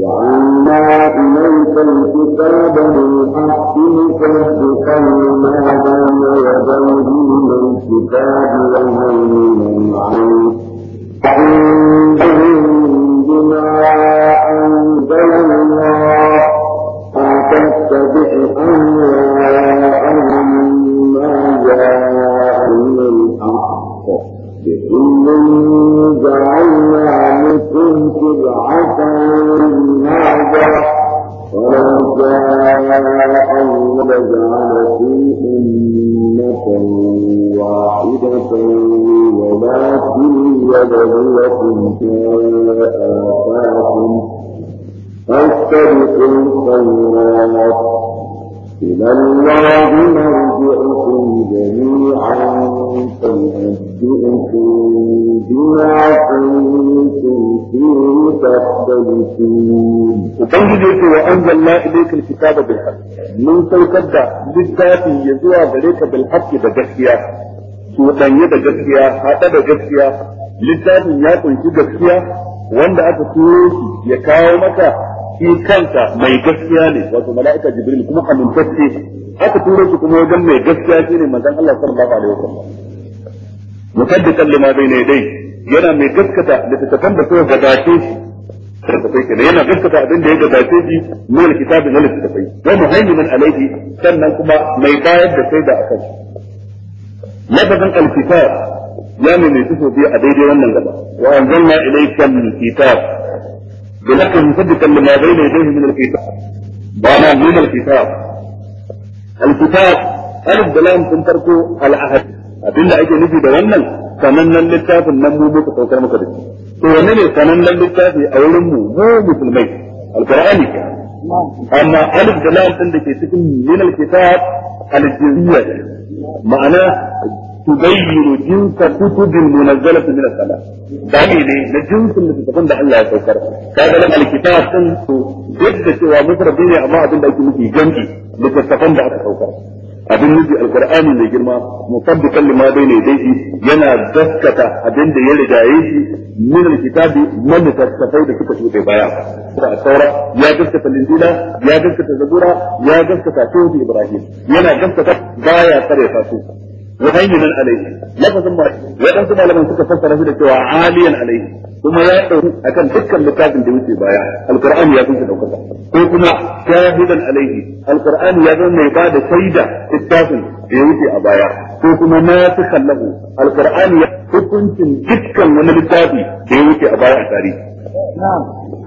وأنا إليك الكتاب من حقك لما بين يديه من الكتاب ومؤمنا عليه فإنهم بما أنزل الله فتتبع أهواءهم وأبلوكم في آفاكم فاستبقوا الخيرات إلى الله مرجعكم جميعا فينبئكم بما كنتم فيه تختلفون. وبنجد وأنزلنا إليك الكتاب بالحق. من سيكبر للذات يزوى عليك بالحق بجحية. cuɗanye da gaskiya haɗe da gaskiya littafin ya kunshi gaskiya wanda aka turo shi ya kawo maka shi kansa mai gaskiya ne wato mala'ika jibril kuma amintacce aka turo shi kuma wajen mai gaskiya shine manzon Allah sallallahu alaihi wasallam musaddiqan lima bayna yadayhi yana mai gaskata da tattakan da suka gabace shi yana gaskata abin da ya gabace shi min alkitabi na littafai wa muhaiminan alaihi sannan kuma mai bayar da shaida akan shi lafazin alkitab ya ne mai tuko biyu a daidai wannan gaba wa anzalna ilayka al-kitab bilaka musaddiqan lima bayna yadayhi min al-kitab ba na min al-kitab al-kitab alif da lam tun farko al-ahad abinda ake nufi da wannan sanannen littafin nan mu muka kokar maka da shi to wanne ne sanannen littafi a wurin mu mu musulmai al-qur'ani amma alif da lam din da ke cikin min al-kitab al-jinsiyya ma'ana تبين جنس كتب المنزلة من السماء daɗi ne na jinsin الله da هذا لما الكتاب تنسو جد سوى مفردين أما أبن بأيك نجي جنجي متفقون ده يتوكر abin nufi alkur'ani mai girma musaddiqan lima ne yadayhi yana gaskata abin da ya rigaye shi min alkitabi man tasafai da suka shuɗe baya da saura ya gaskata linjila ya gaskata zabura ya gaskata tawhid ibrahim yana gaskata baya kare fasu muhaiminan alaihi lafazin ba waɗansu malaman suka fassara shi da cewa aliyan alaihi kuma ya ɗauki akan dukkan littafin da wuce baya alqur'ani ya kunshi ɗaukaka ko kuma shahidan alaihi alqur'ani ya zama mai bada shaida littafin da ya wuce a baya ko kuma nasikhan lahu alqur'ani ya hukuncin dukkan wani littafi da ya wuce a baya a tarihi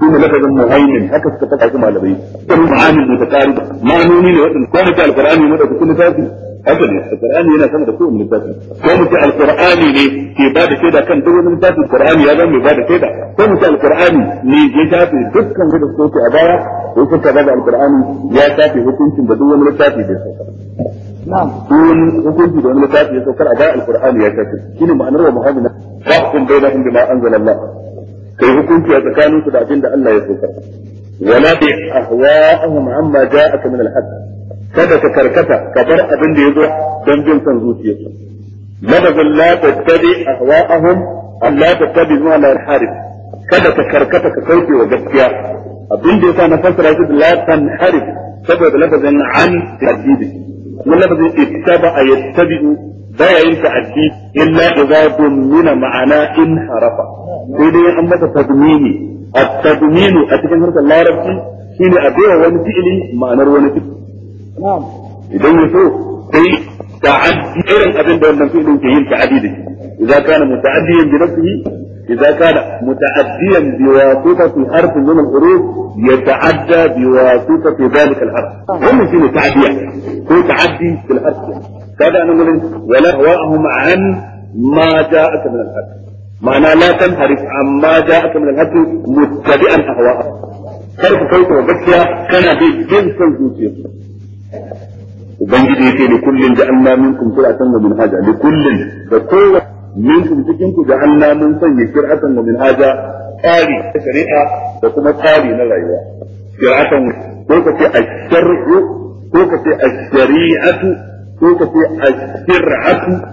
shi ne lafazin muhaimin haka suka faɗa su malamai sun ma'anin mutakariba ma'anoni ne waɗanda kwanaki alqur'ani ne da kullum littafi haka ne alqur'ani yana sama da kowane littafi ko mu ce alqur'ani ne ke ba da shaida kan duk wani littafin qur'ani ya zama mai ba da shaida ko mu ce alqur'ani ne ya shafe dukkan da suke a baya ko suka ba da alqur'ani ya shafe hukuncin da duk wani littafi da suka na'am kun hukunci da wani littafi ya saukar a baya alqur'ani ya shafe shine ma'anar wa muhammadin fa'kum bainahum bima anzalallah kai hukunci a tsakaninsu da abin da Allah ya saukar ولا تطع أهواءهم عما جاءك من الحق kada ka karkata ka bar abin da ya zo don bin son zuciyarsa madadin la tattabi ahwa'ahum Allah tattabi ma la harif kada ka karkata ka kauce wa gaskiya abin da yasa na fasara shi la harif saboda lafazin an tadidi kuma lafazin ittaba yattabi'u baya yin ta'addi illa idza dummina ma'ana in harafa sai dai an masa tadmini at-tadminu a cikin harkar larabci shine a bai wani fi'ili ma'anar wani fi'ili idan ya so sai ta'addi irin abin da wannan fi'ilin ke yin ta'addi da إذا كان متعديا بواسطة حرف من الحروف يتعدى بواسطة ذلك الحرف. هم شيء تعديا هو تعدي في الحرف كذا نقول ولا هواهم عن ما جاءك من الحرف. معنى لا تنحرف عما جاءك من الحرف متبئا أهواءك. كيف كيف وبكيا كان بجنس الزوجيه. ubangiji yake da kullun da Allah minkum kun wa san da kullun da kowa kun cikin ku da Allah mun sanya da min haja. tsari da shari'a da kuma tsari na rayuwa qira'atan ko ka ce ash ko ka ce ash ko ka ce ash-shir'atu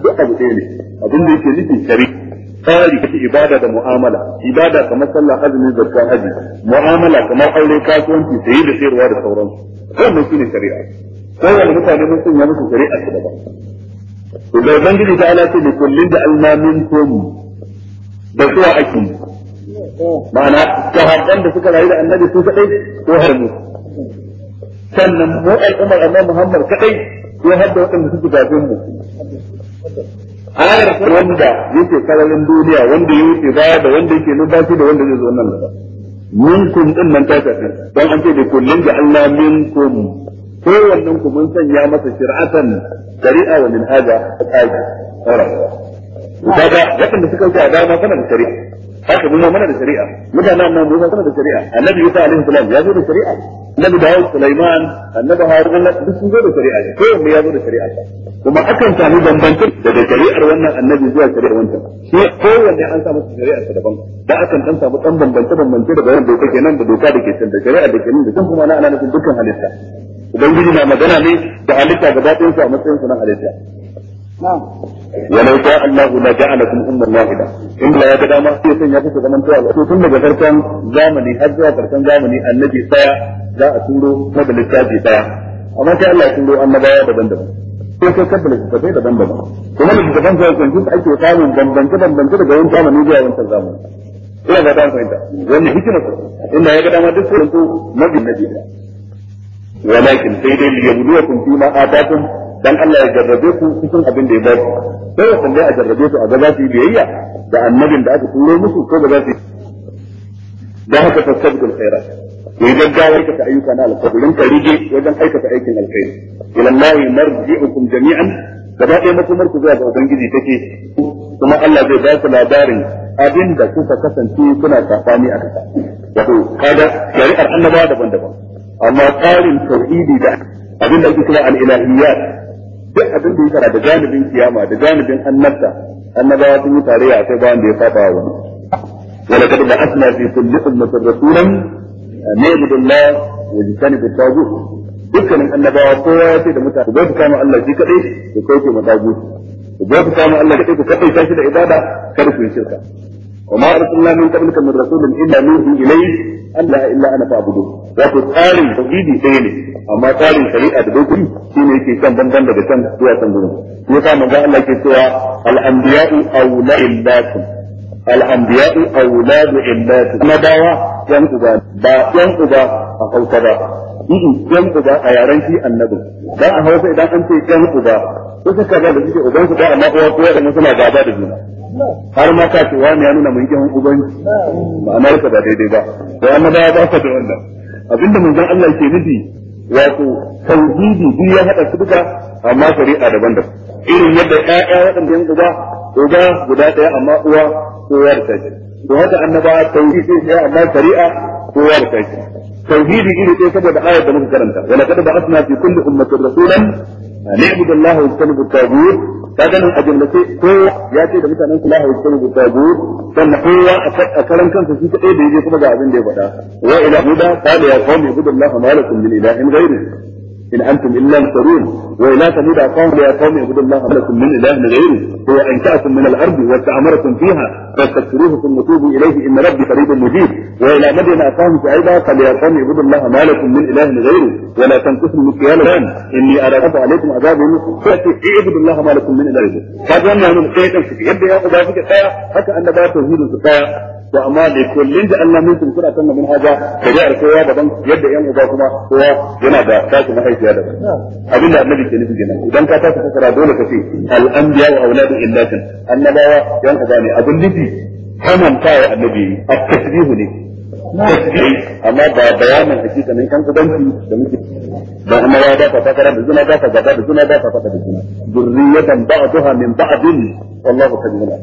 duk abu ne abin da yake nufin shari'a tsari ta ibada da mu'amala ibada kamar sallah azumi zakka haji mu'amala kamar aure kasuwanci sayi da sayarwa da sauransu wannan shine shari'a kowane mutane mun sanya musu shari'a su daban to da ubangiji ta ala ce da kullun da almamin tomu da suwa ake ma'ana sahabban da suka rayu da annabi su kadai ko har mu sannan mu al'ummar annabi Muhammad kadai ko har da waɗanda suke gafin mu ayar wanda yake sararin duniya wanda ya wuce baya da wanda yake numfashi da wanda zai zo nan gaba minkum din nan ta tafi don an ce da kullun da Allah minkum kowannen ku mun sanya masa shir'atan shari'a wa min haja a kaji daga waɗanda suka wuce a dama kana da shari'a haka mu mana da shari'a mutanen nan mu sana da shari'a annabi Isa alaihi salam ya zo da shari'a annabi dawo Sulaiman annabi Harun duk sun zo da shari'a ko wanda ya zo da shari'a kuma akan samu bambancin daga shari'ar wannan annabi zuwa shari'ar wancan shi kowanne an samu shari'a ta daban da akan dan samu dan bambance bambance daga wannan doka kenan da doka da ke da shari'a da ke nan da can kuma na ana nufin dukkan halitta ubangiji na magana ne da halitta gaba ɗayan su a matsayin sunan halitta ولو شاء الله لجعلكم أمة واحدة إن لا يبدا ما في سن يفوت زمن طوال ثم daga farkon zamani har zuwa farkon zamani annabi saya za a turo maka littafi saya amma sai Allah ya turo baya daban-daban sai kai kabba littafai daban-daban kuma littafan sai kun tuka ake samun bambance bambance daga wani zamani zuwa wancan zamani ina ga dan fahimta wannan hikima ce ya ga dama dan Allah ya jarrabe ku cikin abin da ya ba sai ya sanda a jarrabe ku a ga za su yi biyayya da annabin da aka turo musu ko ba za su yi da haka ta tasabbu khairat ya gaggawa ta ayyuka na alkhairin ka rige wajen aikata aikin alkhairi ila Allah marji'ukum jami'an da ba ɗaya makomar ku zuwa ga ubangiji take kuma Allah zai ba ku labarin abin da kuka kasance kuna safani a kasa wato kada shari'ar annabawa daban-daban amma tsarin tauhidi da abin da ake kira al-ilahiyyat duk abin da ya fara da janibin kiyama da janibin annabta annabawa sun yi tarayya akwai bawan da ya saba wa wani wala kad da asma fi kulli ummatin rasulan an wa jikani wa tabu tagut dukkanin annabawa kowa ya ce da mutane ba su kama Allah shi kadai da kauce ma tagut ba su kama Allah da kai ku kai shi da ibada kar ku shirka وما أرسلنا من قبلك من رسول إلا نوحي إليه أن لا إلا أنا فاعبدون wato tsarin tauhidi ɗaya ne amma tsarin shari'a da dokun shi ne yake kan banban daga can zuwa can gurin shi yasa manzo Allah ke cewa al-anbiya'u awla illakum al-anbiya'u awladu illakum na dawa yan uba ba yan a hausa ba yi yan uba a yaren shi annabi a hausa idan an ce yan uba kaza da suke uban su ba amma uwa da suna da har ma ta ce wani ya nuna mai ba ubanci ma'anar ba daidai ba to amma ya ba ka da wannan abinda manzon Allah ke nufi wato tauhidi duk ya hada su duka amma shari'a daban-daban irin yadda ƴaƴa waɗanda yan uba uba guda ɗaya amma uwa kowa da tashi to haka annaba tauhidi sai amma shari'a kowa da tashi tauhidi iri ɗaya saboda ayar da muka karanta wala ba asna fi kulli ummatin rasulan an i'budu wa tajtanibu at ka ganin a jimlace kowa ya ce da mutanen su lahu sun guda gut sannan kowa a karan kansa shi kadai da yaje kuma ga abin da ya faɗa wa ila huda qala ya gudun budullaha malakum min in gairi إن أنتم إلا مسرون وإلى ثمود أخاهم يا قوم اعبدوا الله لكم من إله غيره هو أنشأكم من الأرض واستعمركم فيها فاستكثروه ثم توبوا إليه إن ربي قريب مجيب وإلى مدين أخاهم سعيدا قال يا قوم اعبدوا الله ما لكم من إله غيره ولا تنقصوا المكيال الآن إني أرى عليكم عذاب فأتي اعبدوا الله ما لكم من إله غيره هذا ان من الخير في يد يا أبا فيك حتى أن لا توحيد في to amma da kullun da Allah mun kunkura kan mun haja shari'ar kowa daban yadda yan uba kuma kowa yana da tashi mahaifiya daban abin da annabi ke nufi kenan idan ka tashi fasara dole ka ce al anbiya wa auladu illatin annabawa yan uba ne abin nufi kamanta wa annabi a tasbihu ne amma ba bayanin hakikanin kan kudanci da muke ba amma ya dafa takara da juna dafa gaba da juna dafa ta da juna zurriyatan ba'daha min ba'din wallahu kabirun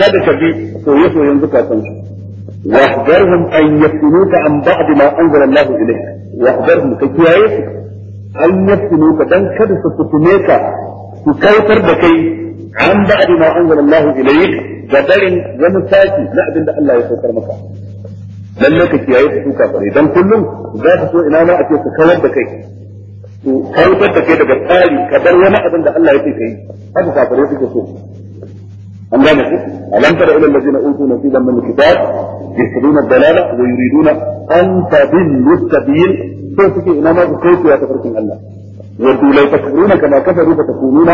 kada ka bi soye soyen zukatan su wahdarhum an yaftinuka an ba'd ma anzala Allah ilayk wahdarhum ka kiyaye su an ka dan kada su fitune ka su kautar da kai an ba'd ma anzala Allah ilayk ga barin wani saki na abin da Allah ya saukar maka lalle ka kiyaye su kafare dan kullum za ka so ina ma a ce su kawar da kai su kautar da kai daga tsari ka bar wani abin da Allah ya ce kai haka kafare suke so أم لا نسيت؟ ألم تر إلى الذين أوتوا نصيبا من الكتاب يهتدون الدلالة ويريدون أن تضلوا السبيل فأنتك إنما بخيط يا تفرق الله وردوا لو تكفرون كما كفروا فتكونون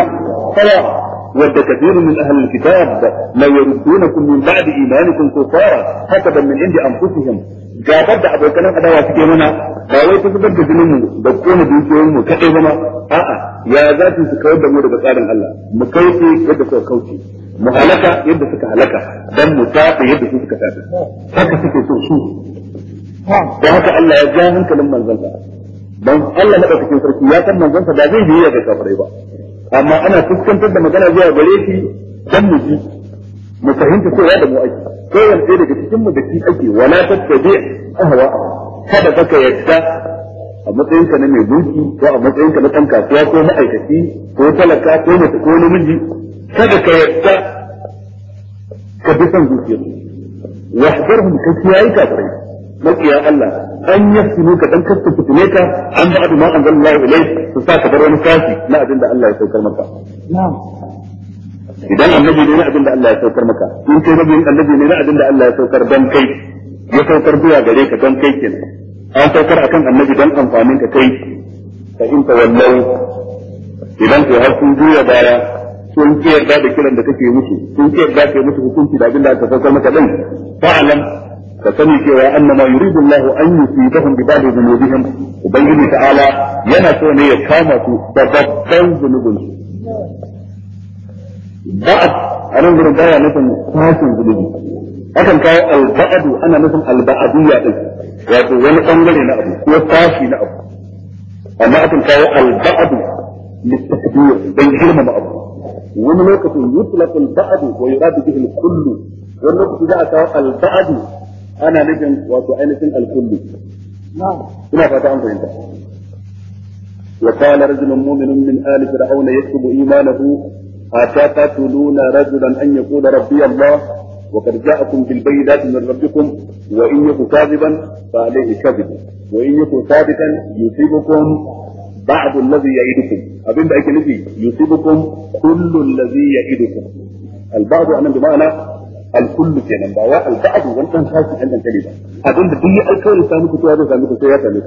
فلا ود كثير من أهل الكتاب لا يردونكم من بعد إيمانكم كفارا حسبا من عند أنفسهم جابر أبو وكان قد واسك يمنا لا ويت سبب جنمه بكون بيسيهم كأيهما أه يا ذاتي سكوبا مورد بسؤال الله مكيسي كيف كوتي mu halaka yadda suka halaka dan mu tafi yadda su suka tafi haka suke so su da haka Allah ya ja hankalin manzansa dan Allah na cikin sarki ya san manzansa ba zai biya ga kafirai ba amma ana fuskantar da magana zuwa gare shi dan mu ji mu fahimta cewa da mu aiki kowanne ɗaya daga cikin mu da shi ake wala tattabi ahwa kada baka yadda a ka na mai duki ko a matsayinka na ɗan kasuwa ko ma'aikaci ko talaka ko mace ko namiji kada ka yadda ka bi son zuciya wa hadarhum ka kiyaye kafirai makiya Allah an yafsinu ka dan kasta fitine ka an ba da ma anzalallahu ilayk su sa ka bar wani kafi na abin da Allah ya saukar maka na'am idan annabi ne na abin da Allah ya saukar maka in kai nabi annabi ne na abin da Allah ya saukar dan kai ya saukar zuwa gare ka dan kai kenan an saukar akan annabi dan amfanin ka kai fa in tawallau idan ke har sun juya baya sun ki yarda da kiran da kake musu sun ki yarda kai musu hukunci da abin da aka saukar maka din fa'alam ka sani cewa annama yuridu Allahu an yusibahum bi ba'd dhunubihim ubangiji ta'ala yana so ne ya kama su da babban zunubin su ba'd anan gurin baya nufin kwashin zunubi akan kawo alba'adu ana nufin alba'adiyya din wato wani bangare na abu ko tashi na abu amma akan kawo alba'adu للتكبير بين كلمة wani lokaci yutlaq al-ba'd wa yurad bihi al-kull wani lokaci za a kawo al-ba'd ana nufin wato ainihin al ina fata an وقال رجل مؤمن من آل فرعون يكتب إيمانه أتقتلون رجلا أن يقول ربي الله وقد جاءكم بالبينات من ربكم وإن يكن كاذبا فعليه كذب وإن يكن ثابتا يصيبكم ba'd allazi ya'idukum abinda ake nufi yusibukum kullu allazi ya'idukum al-ba'd anan bi ma'ana al-kullu kenan ba wa al-ba'd wannan sashi dan dantare ba abinda duk ya alƙawari sa muku to ya same sai ya same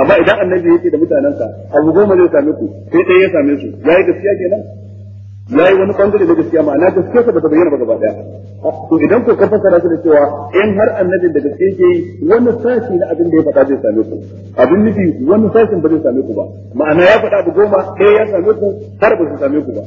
amma idan annabi yake da mutanansa abu goma zai same sai ɗaya ya same su yayi gaskiya kenan Ya yi wani bangare da gaskiya ma'ana gaskiya sa bata bayyana ba gaba daya to idan ko ka fassara shi da cewa in har annabin da gaskiya yake wani sashi na abin da ya faɗa zai same ku abin nufi wani sashin ba zai same ku ba ma'ana ya faɗa abu goma ɗaya ya same ku har ba su same ku ba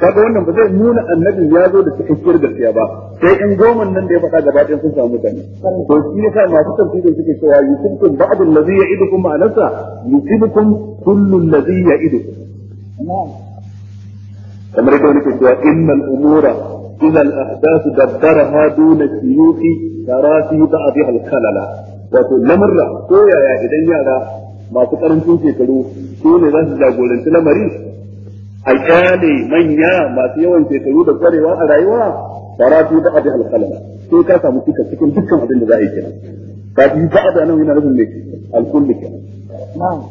kaga wannan ba zai nuna annabin ya zo da cikakkiyar gaskiya ba sai in goman nan da ya faɗa gaba ɗaya sun samu mutane to shi yasa masu tafsirin suke cewa yusibukum ba'd allazi ya'idukum ma'anarsa yusibukum kullu allazi ya'idukum kamar yadda wani ke cewa innal umura إذا الأحداث دبرها دون الشيوخ ترى في بعضها الخلل wato lamarra ko yaya idan yara masu karancin shekaru su ne za su jagoranci lamari a kyale manya masu yawan shekaru da kwarewa a rayuwa tara fi da abin alkalama sai ka samu cika cikin dukkan abin da za a yi kenan ka fi ba a nan yana nufin ne alkulli kenan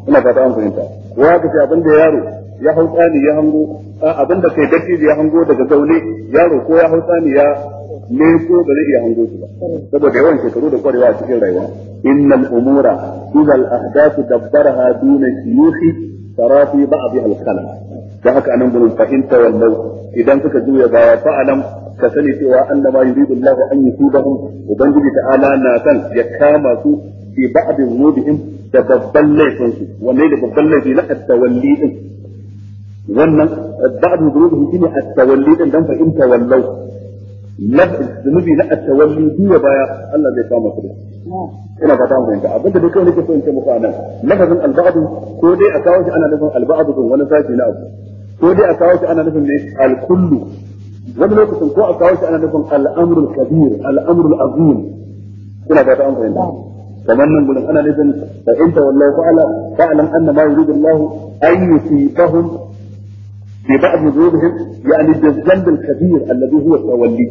ina fata an fahimta wa ka ce abin da yaro ya hau tsani ya hango abinda kai gaci ya hango daga zaune yaro ko ya hau tsani ya ne ko ba zai iya hango shi ba saboda yawan shekaru da kwarewa a cikin rayuwa innal umura idza al ahdathu Haduna duna shuyukhi tarafi ba'dha al khala da haka anan gurin fa in idan suka juya baya fa alam ka sani cewa annama yuridu Allahu an yusibahum ubangiji ta'ala na san ya kama su fi ba'd wudihim da babban laifin su wanne da babban laifi na at-tawalli wannan ba'd dhunubihi shine at-tawalli din dan fa in tawallaw zunubi na at-tawalli duwa baya Allah zai kama su ina ba ta mun ga abin da duka nake so in ce muku anan lafazin al-ba'd ko dai a kawo shi ana nufin al-ba'd wani sashi na abu ko dai a kawo shi ana nufin ne al-kullu wani lokacin ko a kawo shi ana nufin al-amrul kabir al-amrul azim ina ba ta mun fahimta ومن من من أنا نزل فإن تولوا فعلا فاعلم أن ما يريد الله أن يصيبهم ببعض ذنوبهم يعني بالذنب الكبير الذي هو التولي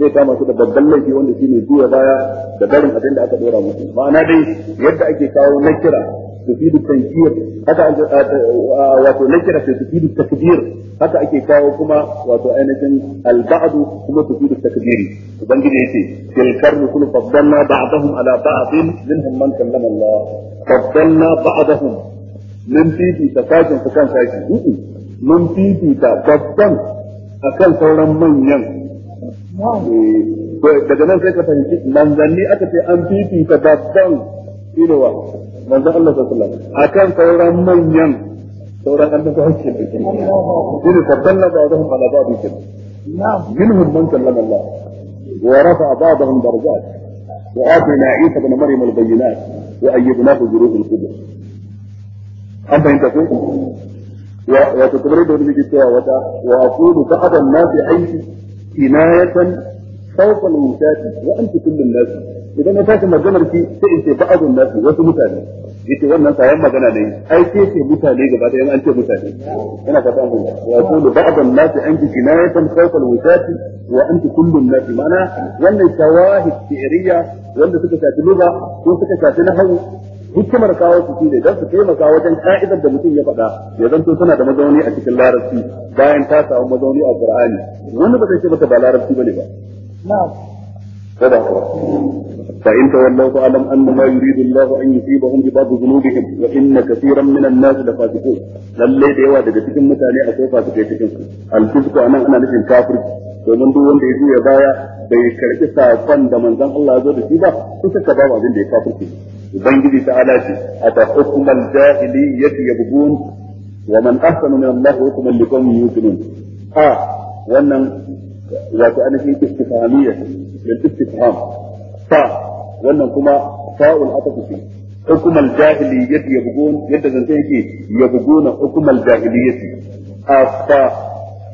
zai kama su da babban laifi wanda shi ne zuwa baya da barin abin da aka dora musu ma'ana dai yadda ake kawo na kira tufidu tankir haka ake wato na kira sai tufidu takbir haka ake kawo kuma wato ainihin alba'du kuma tufidu takbiri ubangiji yace tilkar rusul faddalna ba'dahum ala ba'din minhum man kallama Allah faddalna ba'dahum min fi tafajin fukan sashi mun fifita babban a kan sauran manyan eh, daga nan sai ka fahimci manzanni aka ce an fifita babban inuwa manzan Allah su kula a kan sauran manyan sauran an daga hankali da ke shi ne sabbin na zaune a da babu ke min hudun kallon Allah wa rafa babban barza wa ake na isa ga mari mulbayyana wa ayyuka na su zuru ilkubu an fahimta ko wato kamar da wani ke cewa wata wa aqulu ta'ata an-nasi aiki kinayatan fawqa al-wutati wa anta kullu an-nas idan na tashi maganar ki sai in ce ba'adun nas wasu mutane yace wannan sayan magana ne ai sai ce mutane gaba da an ce mutane ina fata an gani wa aqulu ba'adun nas anki kinayatan fawqa al-wutati wa anta kullu an-nas mana wannan shawahid fi'riya wanda suka shafi lugha ko suka shafi nahwu hikimar kawo su ne don su taimaka wajen ka'idar da mutum ya faɗa ya zanto tana da mazauni a cikin larabci bayan ta samu mazauni a qur'ani wani ba zai ce maka ba larabci bane ba na'am kada ka fa in tawallaw fa alam anna ma yuridu allahu an yusibahum bi ba'd dhunubihim wa inna kaseeran min an-nas la fasiqun lalle da yawa daga cikin mutane akwai fasikai cikin su al-fisqu anan ana nufin kafirci domin duk wanda ya juya baya bai karbi sakon da manzon Allah ya zo da shi ba kusa ka ba abin da ya kafirci ubangiji ta alaji aba hukmal jahiliyyati yabghun wa man ahsanu min Allah hukuman liqawmin yuqinun ha wannan wato ainihin istifhamiyya lil istifham ta wannan kuma fa'ul atafi hukmal jahiliyyati yabghun yadda zan sai yake yabghuna hukmal jahiliyyati afa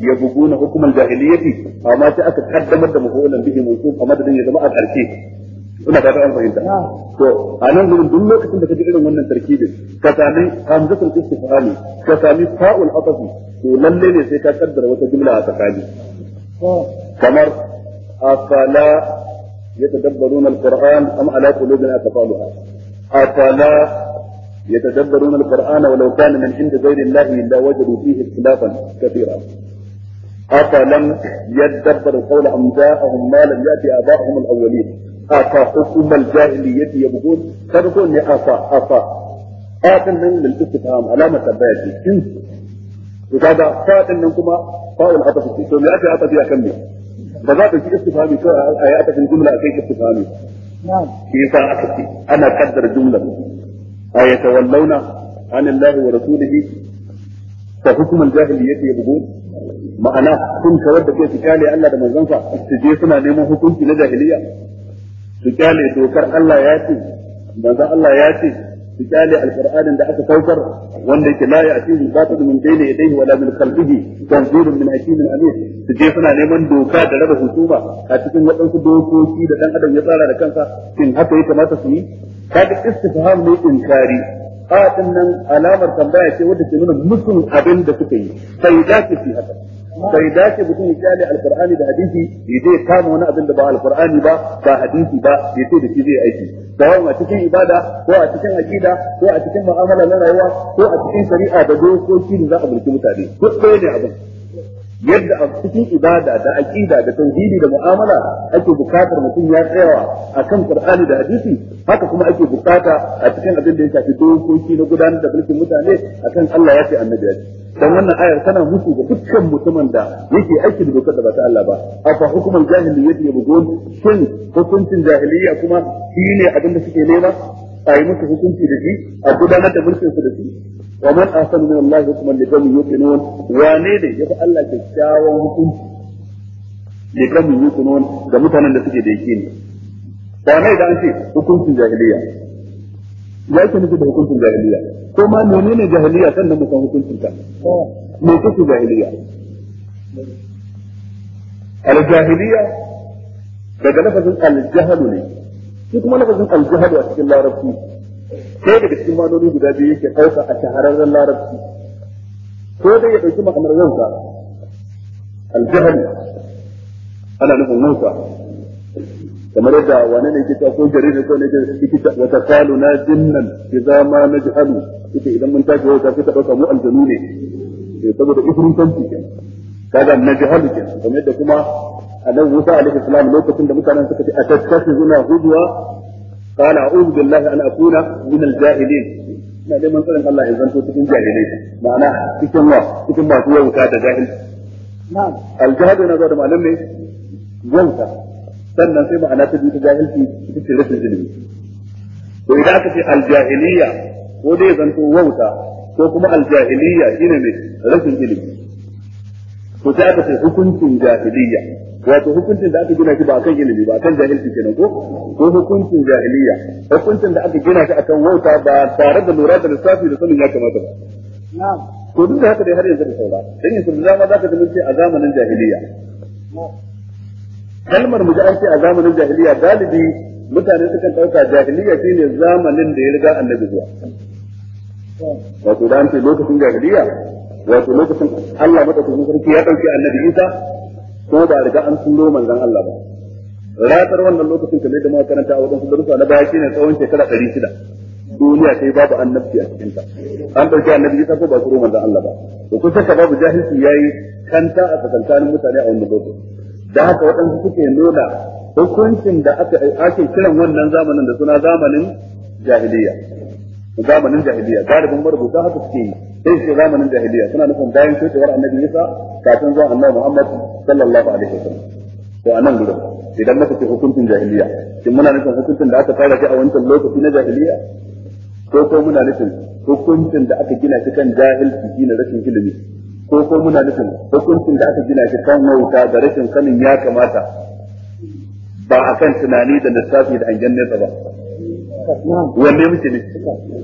yabghuna hukmal jahiliyyati amma sai aka kaddamar da mafulan bihi mansub a madadin ya zama a karshe ina fata an fahimta to a nan gurin duk lokacin da kaji irin wannan tarkibin ka sami hamzatul istifhami ka sami fa'ul atafi to lalle ne sai ka kaddara wata jumla a tsakani kamar afala yatadabbaruna alquran am ala qulubin aqfaluha afala يتدبرون القرآن ولو كان من عند غير الله لوجدوا فيه اختلافا كثيرا أفلم يدبروا القول أم جاءهم ما لم يأت آباءهم الأولين آفا حكم الجاهلية يبغون كرهون آفا آفا آفا من الاستفهام علامة بياتي إنس وكذا فاء منكما فاء العطف تو me aka atafi akan me ba za ta ci istifhami ko a yi atafin jumla a kai istifhami shi yasa aka ce ana kaddara jumla a ya tawallauna an Allah wa rasulihi fa hukumul jahiliyyati yabghun ma'ana sun kawar da kai su kyale Allah da manzon sa su je suna neman hukunci na jahiliya su kyale dokar Allah ya ce manzon Allah ya ce su kyale alqur'anin da aka saukar wanda yake la ya'tihi zata min bayni yadayhi wala min khalfihi tanzilun min hakimin amin su je suna neman doka da raba hukuma a cikin waɗansu dokoki da dan adam ya tsara da kansa shin haka ya kamata su yi kaga istifham ne inkari a nan alamar tambaya ce wadda ke nuna musun abin da suka yi sai da su haka bai dace mutum ya kyale alqur'ani da hadisi ya je kama wani abin da ba alqur'ani ba ba hadisi ba ya ce da shi zai aiki sawan a cikin ibada ko a cikin aqida ko a cikin mu'amala na rayuwa ko a cikin shari'a da dokoki da za a burki mutane duk ɗaya ne abin yadda a cikin ibada da aqida da tauhidi da mu'amala ake bukatar mutum ya tsayawa akan qur'ani da hadisi haka kuma ake bukata a cikin abin da ya shafi dokoki na gudanar da mulkin mutane akan Allah ya ce annabi ya ce dan wannan ayar tana musu ga dukkan mutumin da yake aiki da dokar da ba ta Allah ba a hukumar jahiliyya da yabo shin hukuncin jahiliyya kuma shine abin da suke nema a yi musu hukunci da shi a gudanar da mulkin su da shi wa man ahsanu min Allah hukuman li yake nuna wane ne yafi Allah kyakkyawan hukunci li yake nuna ga mutanen da suke da yake ne ba mai da an ce hukuncin jahiliyya ya ke nufi da hukuncin jahiliya ko ma menene jahiliya sannan mu san hukuncin ta me kake jahiliya al-jahiliya daga lafazin al-jahalu ne shi kuma lafazin al-jahalu a cikin larabci sai daga cikin manoni guda biyu yake ɗauka a shahararren larabci ko dai ya ɗauki ma'amar yauka al-jahalu ana nufin yauka kamar yadda wani ne kita ko jarida ko ne ke kita wata kalu na jinnan idza na najhalu ita idan mun tashi wata kita dauka mu aljanu ne eh, saboda ifrin tanti kaga najhalu ke kamar yadda kuma annabi Musa alaihi salam lokacin da mutanen suka ce atattakhizuna hudwa qala a'udhu billahi an akuna min aljahilin ina dai mun tsarin Allah ya zanto cikin jahilai ma'ana cikin wa cikin masu ta da jahil na'am aljahil yana zuwa da malamin yauta sannan sai ma'ana ta biyu ta jahilci ita ce rashin ilimi to idan aka ce aljahiliya ko dai ya zanto wauta ko kuma aljahiliya shine ne rashin ilimi to sai aka ce hukuncin jahiliya wato hukuncin da aka gina shi ba akan ilimi ba akan jahilci kenan ko ko hukuncin jahiliya hukuncin da aka gina shi akan wauta ba tare da lura da lissafi da sanin ya kamata ba na'am to duk da haka dai har yanzu da saura dan yanzu da dama zaka ji mun ce a zamanin jahiliya kalmar mu an ce a zamanin jahiliya galibi mutane sukan ɗauka jahiliya shine zamanin da ya riga annabi zuwa wato da an ce lokacin jahiliya wato lokacin Allah madaukakin sarki ya ɗauki annabi Isa ko ba riga an turo manzon Allah ba ratar wannan lokacin kamar da muka karanta a wadansu darussa na baya shine tsawon shekara 600 duniya kai babu annabci a cikin ta an dauki annabi Isa ko ba turo manzon Allah ba to kusa saka babu jahilci yayi kanta a tsakankanin mutane a wannan lokacin da haka waɗansu suke nuna hukuncin da aka ake kiran wannan zamanin da suna zamanin jahiliya zamanin jahiliya galibin marubuta haka suke yi sai su zamanin jahiliya suna nufin bayan shekewar annabi Isa kafin zuwa annabi Muhammad sallallahu alaihi wasallam to anan gurin idan muka ce hukuncin jahiliya shin muna nufin hukuncin da aka fara shi a wancan lokaci na jahiliya ko ko muna nufin hukuncin da aka gina shi kan jahilci shine rashin ilimi ko ko muna nufin hukuncin da aka gina shi kan wauta da rashin sanin ya kamata ba a kan tunani da lissafi da hangen nesa ba wanne muke ne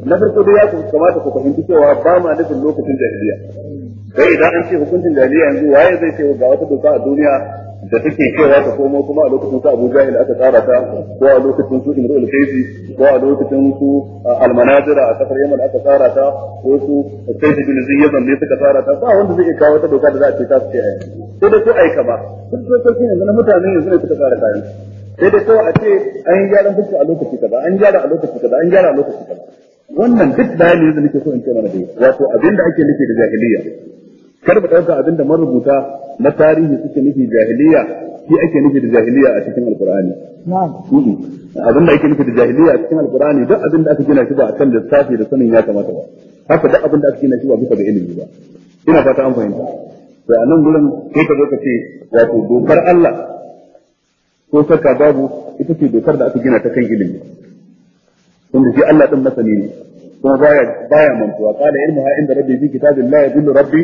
na farko dai ya kamata ku fahimci cewa ba ma nufin lokacin jahiliya sai idan an ce hukuncin jahiliya yanzu waye zai ce ga wata doka a duniya da take cewa ta komo kuma a lokacin sa Abu da aka tsara ta ko a lokacin su Imru al-Kaysi ko a lokacin su al-Manazira a kafar Yaman aka tsara ta ko su Sayyid bin Ziyad ne suka tsara ta ba wanda zai iya kawo wata doka da za a ce ta su ce ai sai da su aika ba duk dokokin yanzu na mutane yanzu ne suka tsara kayan sai da kawai a ce an yi gyaran fuska a lokaci kaza an gyara a lokaci kaza an gyara a lokaci kaza wannan duk dalilin da nake so in ce mana dai wato abin da ake nufi da jahiliya kar mu ɗauka abinda marubuta na tarihi suke nufi jahiliya shi ake nufi da jahiliya a cikin alqur'ani abin da ake nufi da jahiliya a cikin alqur'ani duk abin da aka gina shi ba a kan lissafi da sanin ya kamata ba haka duk abin da aka gina shi ba bisa ga ilimi ba ina fata an fahimta to a nan gurin sai ka zo ka ce wato dokar Allah ko saka babu ita ce dokar da aka gina ta kan ilimi wanda shi Allah din masani ne ko baya baya mantuwa qala ilmuha inda rabbi fi kitabillah yadullu rabbi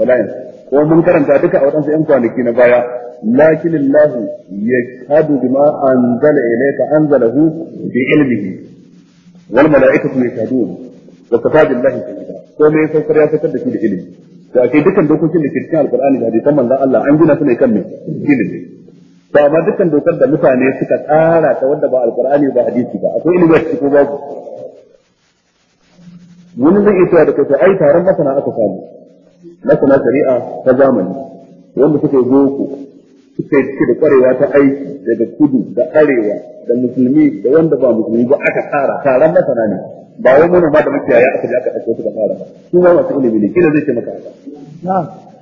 wa la yansa ko mun karanta duka a wadansu yan kwanaki na baya lakin allah yashhadu bima anzala ilayka anzalahu bi ilmihi wal malaikatu yashhadun wa kafa billahi shahida ko me sai ya fitar da shi da ilimi to akai dukkan dokokin da ke cikin alqur'ani da hadisan manzon Allah an gina su ne kan me ilimi Ba ma dukkan dokar da mutane suka tsara ta wanda ba alqur'ani ba hadisi ba akwai ilimi a cikin babu wani zai iya cewa da kai ai taron masana aka samu masana shari'a ta zamani wanda suka yi boko suka yi da kwarewa ta aiki daga kudu da arewa da musulmi da wanda ba musulmi ba aka tsara taron masana ne ba wai ba da mutiyaya aka je aka ɗauko suka tsara ba su ma masu ilimi ne kila zai ce maka haka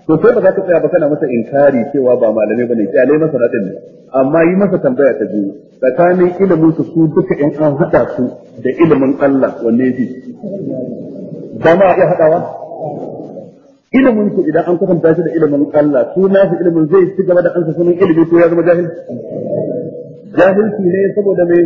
to sai ba za ka tsaya ba kana masa inkari cewa ba malamai bane kyalai masa radin ne amma yi masa tambaya ta biyu tsakanin ilimin su su duka in an hada su da ilimin Allah wanne yafi ba ma iya haɗawa ilimin su idan an kwatanta shi da ilimin Allah su nasu ilimin zai ci gaba da ansa sunan ilimi ko ya zama jahil jahilci ne saboda me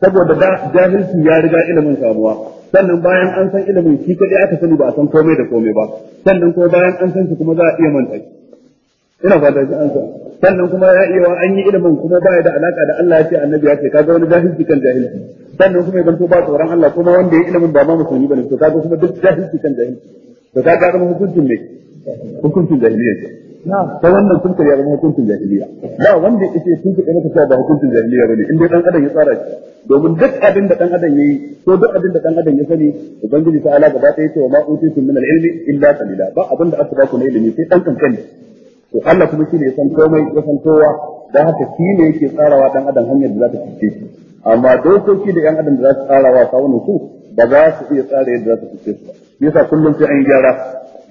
saboda da jahilci ya riga ilimin samuwa sannan bayan an san ilimin shi kadai aka sani ba a san komai da komai ba sannan ko bayan an san shi kuma za a iya manta ina fata shi an san sannan kuma ya iya an yi ilimin kuma ba ya da alaka da Allah ya ce annabi ya ce kaga wani jahilci kan jahilci sannan kuma idan to ba tsoron Allah kuma wanda ya ilimin ba ma musulmi bane to kaga kuma duk jahilci kan jahilci to kaga zama hukuncin ne hukuncin jahiliya ta wannan sun karya zama hukuncin jahiliya ba wanda yake sun karya maka cewa ba hukuncin jahiliya bane in dai dan adam ya tsara shi domin duk abin da dan adam yayi ko duk abin da dan adam ya sani ubangiji ta ala gaba ɗaya cewa ma utitum min al-ilmi illa qalila ba abin da aka ba ku na ilimi sai dan kankani to Allah kuma shi ne ya san komai ya san kowa dan haka shi ne yake tsarawa dan adam hanyar da za ta fice shi amma dokoki da yan adam da za su tsara wa wani su ba za su iya tsara yadda za su fice su ba yasa kullum sai an yi gyara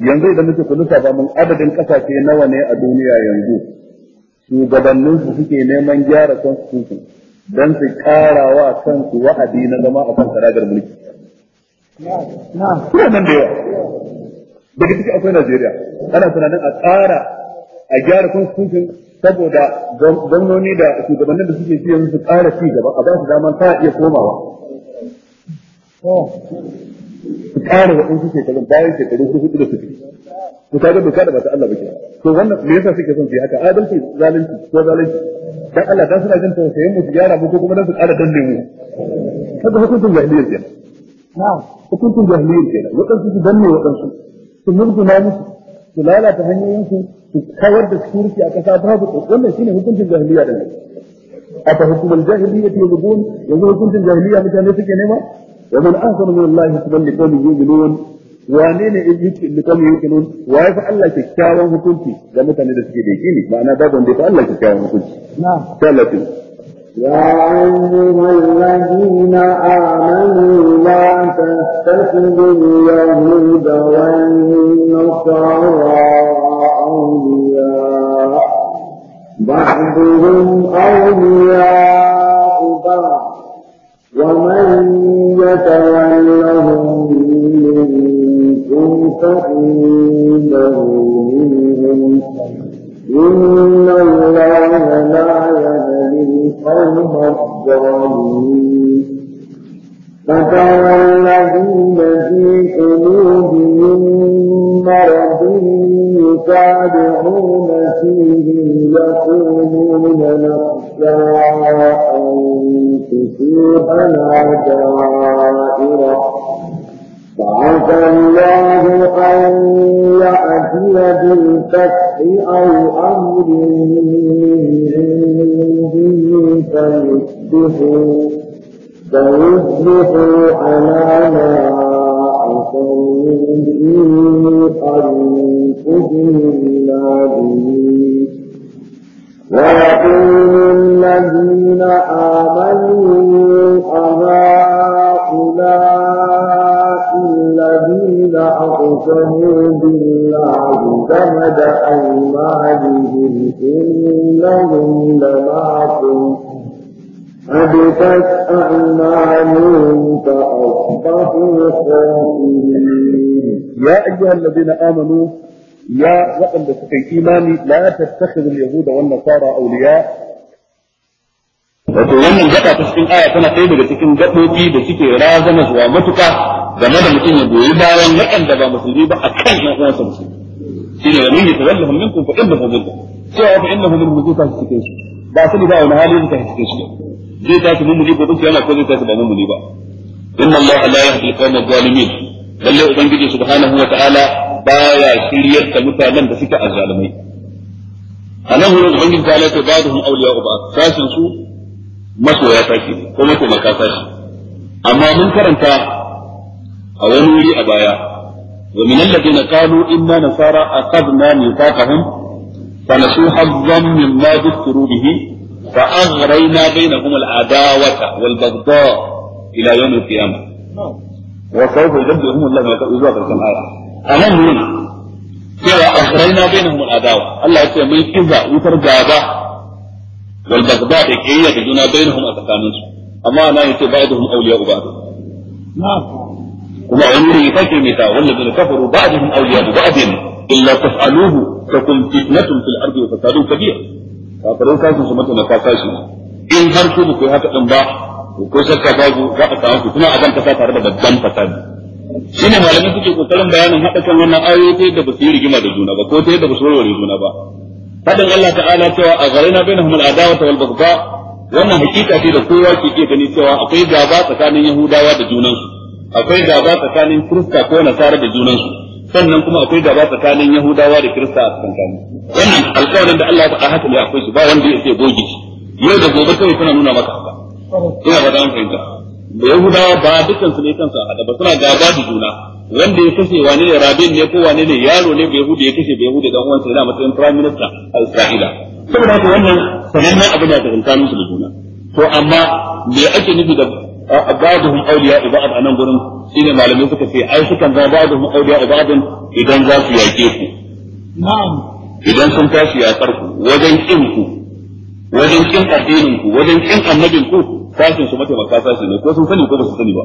yanzu idan muke ku lissafa mun adadin kasashe nawa ne a duniya yanzu shugabannin su suke neman gyara constitution don su kara wa kansu wa'adi na zama a kan karagar mulki kuma nan da yawa daga ciki akwai Najeriya ana tunanin a tsara a gyara constitution saboda gwamnoni da shugabannin da suke fiye su ƙara ci gaba a ba su dama ta iya komawa su ƙara wa ɗansu shekarun bayan shekaru su hudu da su Su ta ga doka da ba ta Allah ba to wannan me yasa suke son su yi haka adalci zalunci ko zalunci dan Allah dan suna jin tausayin mu su gyara mu ko kuma dan su ƙara danne mu kaga hukuncin jahiliyar kenan na'am hukuncin jahiliyyar kenan wadansu su danne wadansu su murguna musu su lalata hanyoyinsu su kawar da security a kasa babu wannan shine hukuncin jahiliya da nan afa hukumul jahiliyyati yuzbun yanzu hukuncin jahiliya mutane suke nema wa man ahsanu min Allah hukman liqawmin yu'minun wane ne yake liqawmin yu'minun wa ya fa Allah kyakkyawan hukunci ga mutane da suke da yaqini ma'ana babu wanda ya fa Allah kyakkyawan hukunci na'am يا أيها الذين آمنوا لا تتخذوا اليهود والنصارى أولياء بعضهم أولياء بعض ومن يتولهم منكم فإنه منهم إن الله لا القوم الظالمين فترى الذين في قلوبهم مرض يتابعون فيه يقولون نخشى أن تصيبنا دائرة فعسى الله أن يأتي بالفتح أو أمر من فيصبحوا فيصبحوا على ما عصوا في أنفسهم الله ويقول الذين آمنوا أهؤلاء الذين أقسموا بالله جمد أيمانهم إنهم لمعكم أبتت أعمالهم فأصبحوا خاسرين يا أيها الذين آمنوا يا وقم في إيماني لا تتخذوا اليهود والنصارى أولياء wato wannan gaba ta cikin aya tana ɗaya daga cikin gaɓoɓi da suke razana zuwa matuka game da mutum ya goyi bayan waɗanda ba musulmi ba a kan ɗan uwansa shi ne wani ya tawalla hannun kun fa inda fa minkum cewa fa inna hum min mujtahid cikin su ba su ba wani hali da cikin su zai tashi mummuni ko dukkan yana ko zai tashi ba mummuni ba inna allaha la yahdi al-qawma adh-dhalimin lalle ubangiji subhanahu wa ta'ala baya shiryar da mutanen da suke azzalimai anan hurin ubangiji ta lafi ba'dhum awliya'u ba'd sashin su masoya sashi ne ko mako maka sashi amma mun karanta a wani wuri a baya wa min alladhina qalu inna nasara aqadna mithaqahum fa nasu hazzan mimma dhukiru bihi فأغرينا بينهم العداوة والبغضاء إلى يوم القيامة وسوف يبدلهم الله ما تقول ذاك الآية أنا هنا cewa asraina bainahum adawa Allah ya ce mun kiza wutar gaba wal bagda da kiyya da juna bainahum a tsakanin su amma ana yace ba'dhum awliya'u ba'd kuma wani ne yake mai ta wanda bin kafaru ba'dhum awliya'u ba'd illa taf'aluhu takum fitnatun fil ardi wa fasadun kabir kafirai kasu su mata na kasashi in har su ba ku haka din ba ku ko shakka ku za a samu kuma a kan kasa tare da babban fasadi shine malamai suke kokarin bayanin hada kan wannan ayoyi da yadda ba su yi rigima da juna ba ko ta yadda ba su warware juna ba Hadin Allah ta'ala cewa a na bainahum al-adawata wal baghdha wannan hakika ce da kowa ke iya gani cewa akwai gaba tsakanin Yahudawa da junansu akwai gaba tsakanin Kirista ko Nasara da junansu sannan kuma akwai gaba tsakanin yahudawa da kirista a kanu wannan alƙawarin da Allah ya faɗa haka ne akwai shi ba wanda ya ce goge shi yau da gobe kawai tana nuna maka haka ina faɗa an fahimta da yahudawa ba dukkan su ne kansu a hada ba suna gaba da juna wanda ya kashe wane ne rabin ne ko wane ne yaro ne bai hude ya kashe bai hude dan uwansa yana matsayin prime minister a Isra'ila saboda haka wannan sanannen abin da ta tsakanin su da juna to amma me ake nufi da ba'dhum awliya ba'd anan gurin shine malamai suka ce ai sukan zama ba'dhum awliya ba'd idan za su yake ku na'am idan sun tashi ya karku wajen kin ku wajen kin addinin ku wajen kin annabin ku sashin su mataimaka sashi ne ko sun sani ko ba su sani ba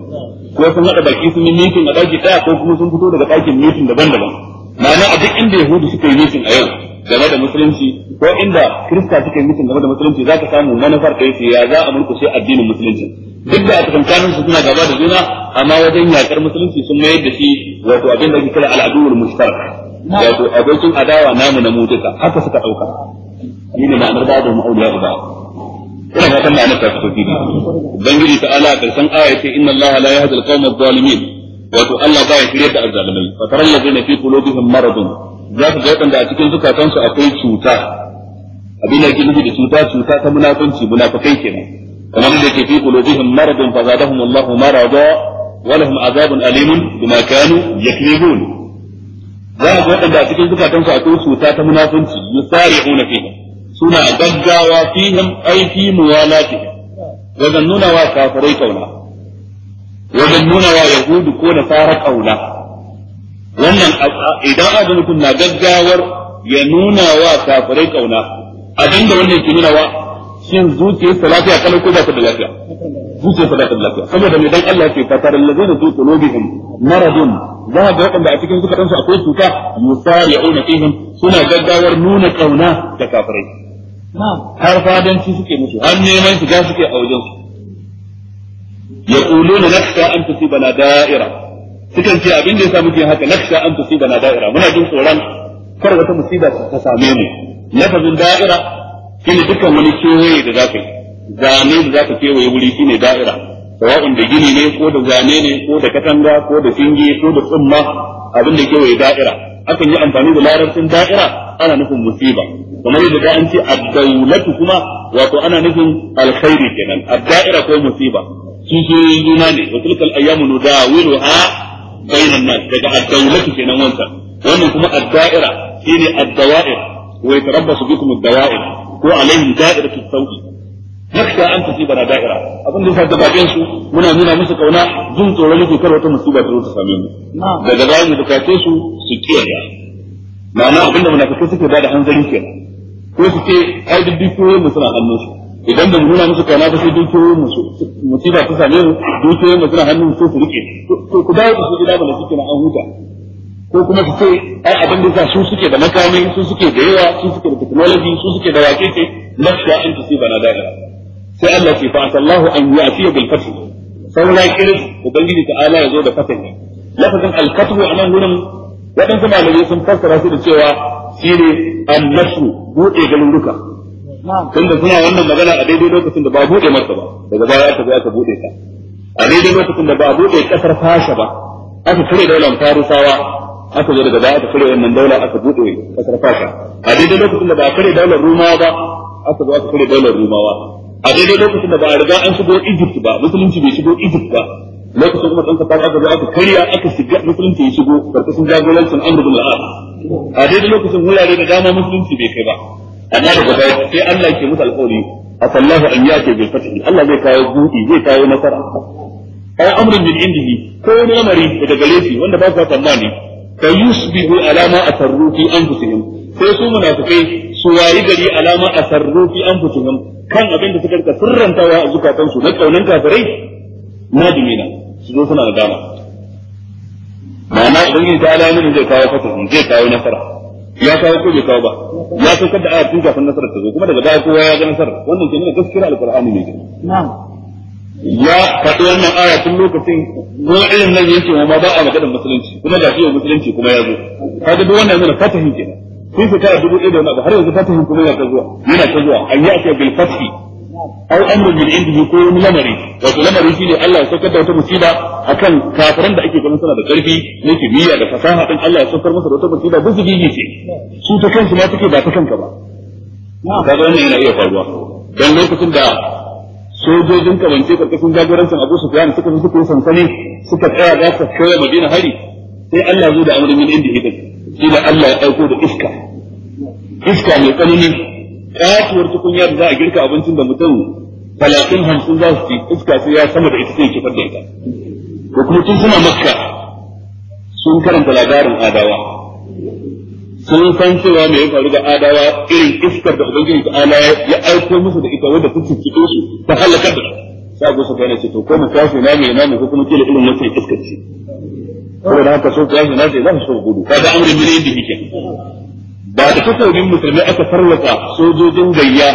ko sun hada baki sun yi mitin a daki daya ko kuma sun fito daga dakin mitin daban-daban ma'ana a duk inda yahudu suka yi mitin a yau game da musulunci ko inda kirista suka yi mitin game da musulunci za ka samu manufar kai ce ya za a murkushe addinin musulunci duk da tsakankanin su suna gaba da juna amma wajen yakar musulunci sun mayar da shi wato abin da ake kira al'adul mushtarak wato abokin adawa namu na mu duka haka suka dauka shine ma'anar ba'du ma'auliya ba ina fatan ma'ana ta fito fili ubangiji ta'ala a karshen aya ce inna allaha la yahdi al-qawma adh-dhalimin wato Allah ba ya shirye da azzalimai fa taral ladina fi qulubihim maradun za ka ga wadanda a cikin zukatansu akwai cuta abin da yake nufi da cuta cuta ta munafunci munafikai kenan kamar da ke fi qulubihim maradun fa zadahum Allahu marada wa lahum azabun alimun bima kanu yakribun za a ga wadanda a cikin su akwai cuta ta munafunci yusari'una fiha suna gaggawa fihim ai fi muwalatihim wajen nuna wa kafirai kauna wajen nuna wa yahudu ko fara kauna wannan idan abin kun na gaggawar ya nuna wa kafirai kauna abinda wannan ke nuna wa shin zuciyarsa lafiya kalau ko ba ta da lafiya zuciyarsa ba ta da lafiya saboda me dan Allah ce fatar allazina fi qulubihim maradun za ga da a cikin zukatansu akwai cuta musari'una fihim suna gaggawar nuna kauna da kafirai har fadanci suke musu har neman shiga suke a wajen su yaquluna nafsa an tusibana da'ira sukan ce abin da yasa muke haka nafsa an tusibana da'ira muna jin tsoron kar wata musiba ta same mu lafazin da'ira shine dukkan wani kewaye da zaka yi zane da zaka kewaye wuri shine da'ira sawa'un da gini ne ko da zane ne ko da katanga ko da singe ko da tsumma abin da kewaye da'ira akan yi amfani da larabcin da'ira ana nufin musiba kamar yadda da an ce ad-dawlatu kuma wato ana nufin alkhairi kenan ad-da'ira ko musiba su su juna ne wa tilkal ayyamu nudawiluha bainan nas daga ad-dawlatu kenan wancan wannan kuma ad-da'ira shine ad-dawa'ir wa yatarabbasu bikum ad-dawa'ir ko alaihim da'iratu tawhid nakhsha an tusibana da'ira abin da yasa gabaɗayan su muna nuna musu kauna jin tsoron yake kar wata musiba ta zo ta same mu daga za mu bukace su su kiyaya ma'ana abin da munafikai suke bada hanzari kenan ko su ce ai duk dukiyoyin mu suna hannun su idan da nuna musu kauna ba sai dukiyoyin mu musiba ta same mu dukiyoyin mu suna hannun su su rike to ku dawo da su gida bala suke na an huta ko kuma su ce ai abin da su suke da makami su suke da yawa su suke da technology su suke da wake ce na in ta sai bana da'ira sai Allah ce fa sallahu an afiya bil fath sauna kiris ubangiji ta ala ya zo da ne lafazin al fathu a nan gurin waɗansu ne sun fassara su da cewa shi ne bude buɗe duka tunda suna wannan magana a daidai lokacin da ba buɗe masa ba daga baya aka zo aka buɗe ta a daidai lokacin da ba buɗe kasar fasha ba aka cire daular farisawa aka zo daga baya aka kare wannan daula aka bude kasar fasa a daidai lokacin da ba a kare daular rumawa ba aka zo aka kare daular rumawa a daidai lokacin da ba a riga an shigo Egypt ba musulunci bai shigo Egypt ba lokacin kuma ɗan kafar aka zo aka karya aka shiga musulunci ya shigo karkashin jagorancin Amr bin al a daidai lokacin wurare da dama musulunci bai kai ba amma daga baya sai Allah ke musu alƙawari asallahu an yake bil fath Allah zai kawo buɗi zai kawo nasara ai amrun min indihi ko wani lamari daga gare shi wanda ba su tsammani fa yusbihu alama asarru fi anfusihim sai su munafikai su wayi gari alama asarru fi anfusihim kan abin da suka sirrantawa a zukatansu na kaunan kafirai na dimina su zo suna da dama ma'ana ubangiji ta ala mun zai kawo fatahin kawo nasara ya kawo ko bai kawo ba ya saukar da ayatun kafin nasarar ta zo kuma daga baya kowa ya ga nasarar wannan ke nuna gaskiyar ne ya faɗi wannan aya tun lokacin ruwa irin nan yake wa ma ba a magana musulunci kuma da shi musulunci kuma ya zo ga duk wannan yana fatahin kenan sai shekara dubu ɗaya da har yanzu fatahin kuma yana ta zuwa yana ta zuwa an yi ake bil fathi au amru min indihi ko wani lamari wato lamari shine Allah ya saukar da wata musiba akan kafiran da ake ganin suna da karfi na kimiyya da fasaha din Allah ya saukar masa da wata musiba duk gigi ce su ta kansu ma take ba ta kanka ba kaga wannan yana iya faruwa dan lokacin da sojojin kamance karkashin jagorancin Abu Sufyan suka suka yi sansani suka tsaya za su koya Madina hari sai Allah zo da amrin min indi hidan shi da Allah ya aiko da iska iska mai tsanani katuwar tukunya da za a girka abincin da mutum talatin hamsin za su ci iska sai ya sama da ita sai kifar da ita ko kuma tun suna makka sun karanta labarin adawa sun san cewa me ya faru da adawa irin iskar da ubangiji ta ala ya aiko musu da ita wanda kuke cikin su ta halakar da su sai abu su kai ce to ko mu kafi na me na namu ko kuma kila irin wata iskar ce saboda haka so kafi na ce za su gudu da amri bin yadda yake ba da kasaurin musulmi aka farwata sojojin gayya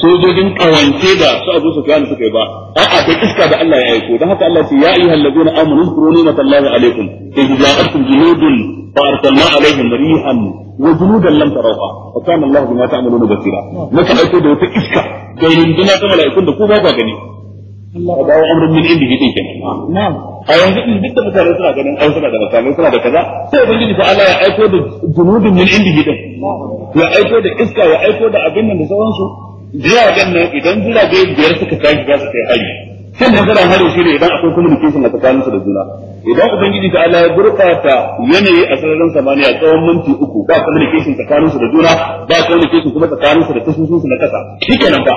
sojojin kawance da su abu su kai suka yi ba a'a kai iska da Allah ya aiko dan haka Allah ce ya ayyuhallazina amanu zkuru ni'matallahi alaikum idza ja'akum junudun فأرسلنا عليهم ريحا وجنودا لم تروها وكان الله بما تعملون بصيرا متى أيكو دوت إسكا بين الدنيا كما لا يكون دكو بابا غني هذا هو أمر من عنده دي كان نعم أي أنت إن جدت مثلا يسرع غني أو سرع غني سرع يسرع غني كذا سيبن جدي فألا يأيكو دو جنود من عنده دي يأيكو دو إسكا يأيكو دو أبنى نسوانسو جاء جنة إذن جلا بيت بيرسك تاج باسك هاي cin nasarar hari shi ne idan akwai communication a tsakanin su da juna idan ubangiji ta Allah ya gurɓata yanayi a sararin samaniya tsawon minti uku ba communication tsakanin su da juna ba communication kuma tsakanin su da tashoshin su na kasa shikenan ba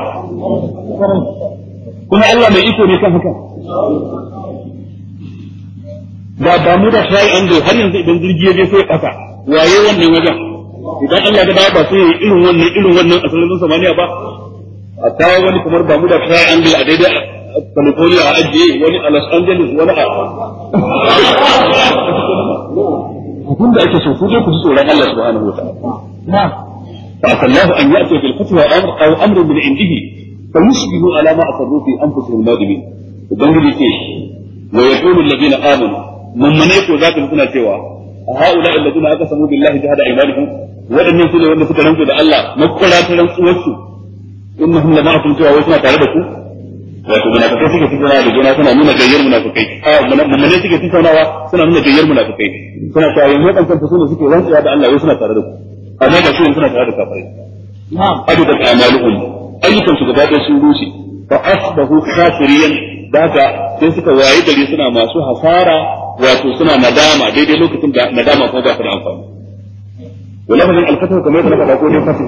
kuma Allah mai iko ne kan haka ba mu da shayi an har yanzu idan jirgi ya je sai kasa waye wannan wajen idan Allah ga ba sai irin wannan irin wannan a sararin samaniya ba a tawo wani kamar mu da shayi an a daidai California a ajiye wani a Los Angeles wani a Hukun da ake so ku je ku ji tsoron Allah subhanahu wa ta'ala fa'atallahu an ya'ti bil fatwa aw amrun min indihi fa yusbihu ala ma asarru fi anfusihim nadimin ubangiji ce wa yaqulu alladhina amanu mummune ko zaka suna cewa هؤلاء الذين أقسموا بالله جهاد أيمانهم waɗannan su ne wanda suka rantsu da Allah makwara ta rantsuwarsu innahum la ma'akum cewa wasu na tare da ku wato munafikai suke tattaunawa da juna suna nuna gayyar munafikai ah, mummune suke tattaunawa suna nuna gayyar munafikai suna cewa yanzu waɗansu su ne suke rantsuwa da Allah wai suna tare da ku amma ba su suna tare da kafirai na'am da amaluhum ayyukan su gaba ɗaya sun rushe fa asbahu khasiriyan daga sai suka waye gari suna masu hasara wato suna nadama daidai lokacin da nadama ko ba ta da amfani ولفظ الفتح كما يقول لك أقول لفظه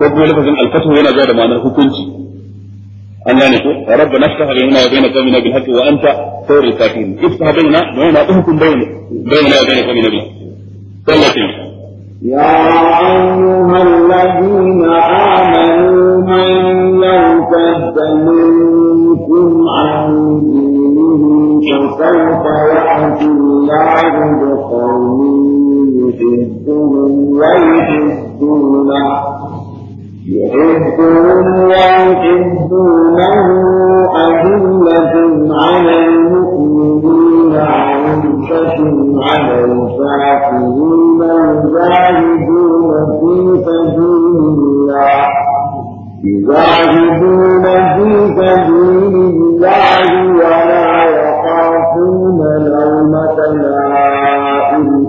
كما لفظ الفتح هنا زاد معنى hukunci. an gane ko rabba naftah bainana wa bainaka min bil wa anta khairul kafirin iftah bainana wa bainana ahkum bainana bainana wa bainaka min bil sallatin ya ayyuhal ladina amanu man yartadda minkum an dinihi fasawfa ya'ti Allahu biqawmin yuhibbuhum wa yuhibbunahu يحبهم ويحبونه أذلة على المؤمنين عزة على الكافرين يجاهدون في سبيل الله يجاهدون في سبيل الله ولا يخافون لومة لائم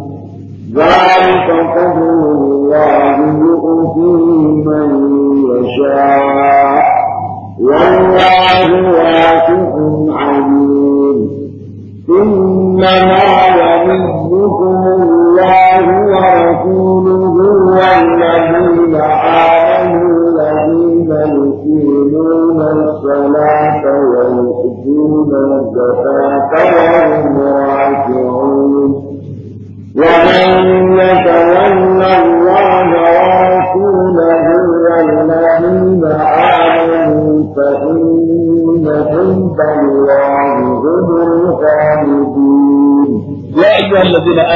ذلك فضل الله يؤتيه من يشاء والله واسع عليم إنما يمدكم الله ورسوله والذين آمنوا الذين يقيمون الصلاة ويؤتون الزكاة وهم راكعون ومن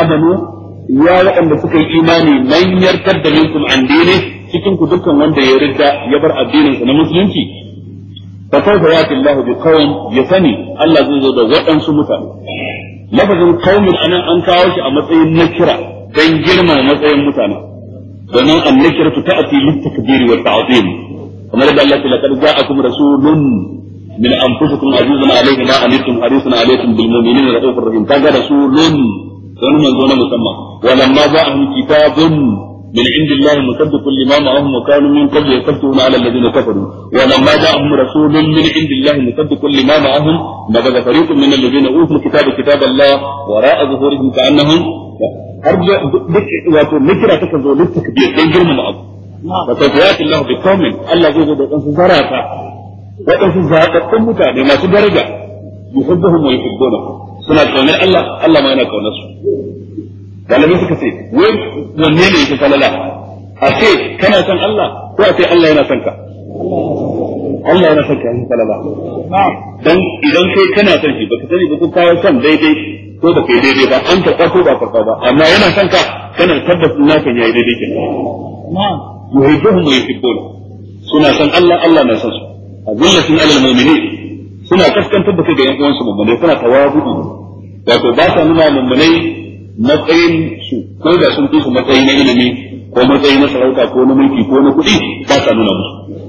amanu ya waɗanda suka yi imani man yarkar da minkum an dine cikin ku dukkan wanda ya ridda ya bar addinin sa na musulunci fa sawfa yati Allah bi qawm yasani Allah zai zo da waɗansu mutane lafazin qaumin anan an kawo shi a matsayin nakira dan girma matsayin mutane an domin annakira ta'ati lit takbiri wa ta'zim kamar da Allah ya laqad ja'akum rasulun من انفسكم عزيز عليه ما عنتم حريص عليكم بالمؤمنين رؤوف رحيم كذا رسول wani manzo na musamman walamma ja'ahum kitabun من عند الله مصدق لما معهم وكانوا من قبل يكفرون على الذين كفروا ولما جاءهم رسول من عند الله مصدق لما معهم نبذ فريق من الذين اوتوا الكتاب كتاب الله وراء ظهورهم كانهم ارجع wato nikira take zo lissafi bai dan girmama abu wato yati Allah bi qaumin Allah zai zo da kansu zarata wadansu zaɓaɓɓun mutane masu daraja yuhibbuhum wa yuhibbunahum suna kaunar Allah Allah ma yana kaunar su malamai suka ce wai wanne ne yake falala a ce kana son Allah ko a ce Allah yana son ka Allah yana son ka yin falala dan idan kai kana son shi baka sani ba ko kayan son daidai ko da kai daidai ba an karɓa ko ba karɓa ba amma yana son ka kana tabbacin nakan yayi daidai kenan na'am yuhibbuhum wa yuhibbuna suna son Allah Allah na son su azillatin alal mu'minin suna kaskantar da kai ga yan uwansu mummunai suna tawazu'u wato ba sa nuna mummunai matsayin su ko da sun fi su matsayi na ilimi ko matsayi na sarauta ko na mulki ko na kuɗi ba sa nuna musu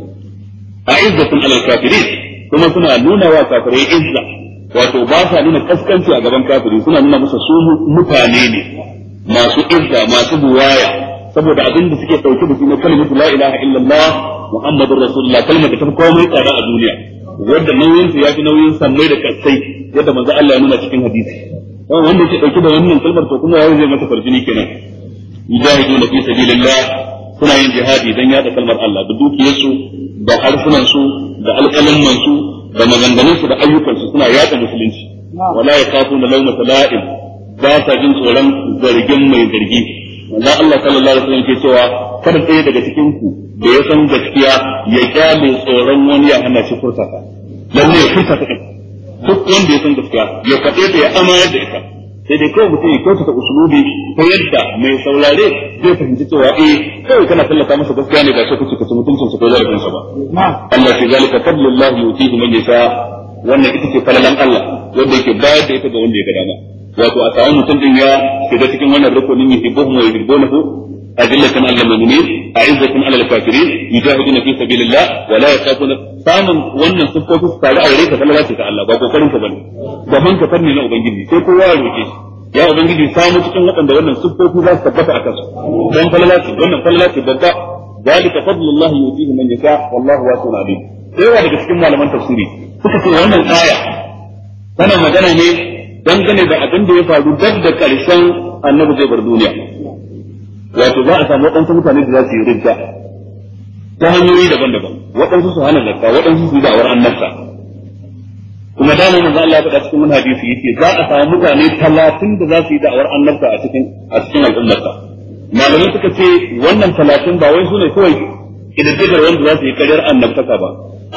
a sun alal kafirin kuma suna nuna wa kafirai izza wato ba sa nuna kaskanci a gaban kafiri suna nuna musu su mutane ne masu izza masu buwaya saboda abin da suke dauke da shi na kalmatu la ilaha illallah muhammadur rasulullah kalmar da ta fi komai tsada a duniya wanda nauyin su fi nauyin sammai da kasai yadda manzo Allah ya nuna cikin hadisi wanda ke dauke da wannan kalmar to kuma yayin zai mata farjini kenan yujahiduna fi sabilillah suna yin jihadi dan yada kalmar Allah da dukiyarsu da harsunan su da alƙalamman su da maganganun su da ayyukan su suna yada musulunci wala yakafuna lawma tala'im ba sa jin tsoron zargin mai zargi manzon Allah sallallahu alaihi wasallam ke cewa kar ɗaya daga cikin ku da ya san gaskiya ya kyale tsoron wani ya hana shi ta. dan ne furtata ta duk wanda ya san gaskiya ya faɗe ta ya amana da ita sai dai kawai mutum ya ta usulubi ta yadda mai saurare zai fahimci cewa eh kawai kana tallata masa gaskiya ne ba sai kuce kace mutuncin sa ko sa ba Allah ke zalika fadlullahi yutihi man yasha wannan ita ce falalan Allah wanda yake bayar da ita ga wanda ya ga dama wato a samu mutum din ya shiga cikin wannan rukunin a yuhibbuhum wa yuhibbunahu أذلة على المؤمنين أعزة على الكافرين يجاهدون في سبيل الله ولا يخافون samun wannan siffofi su tare a gare ka sallah ce ta Allah ba kokarin ka bane ba man fanni na ubangiji sai kowa ya roke shi ya ubangiji samu cikin waɗanda wannan siffofi za su tabbata a kansu dan falala ce wannan falala ce babba zalika fadlullahi yutihi man yasha wallahu wasi'un alim sai daga cikin malaman tafsiri suka ce wannan aya tana magana ne dangane da abin da ya faru duk da karshen annabi zai bar duniya wato za a samu waɗansu mutane da za su yi ridda ta hanyoyi daban-daban waɗansu su hana zarka waɗansu su da'awar annabta kuma da mun za Allah ya faɗa cikin wani hadisi yace za a samu mutane talatin da za su yi da'awar annabta a cikin a cikin al'ummarsa malamai suka ce wannan talatin ba wai su ne kawai kididdigar wanda za su yi karyar annabtaka ba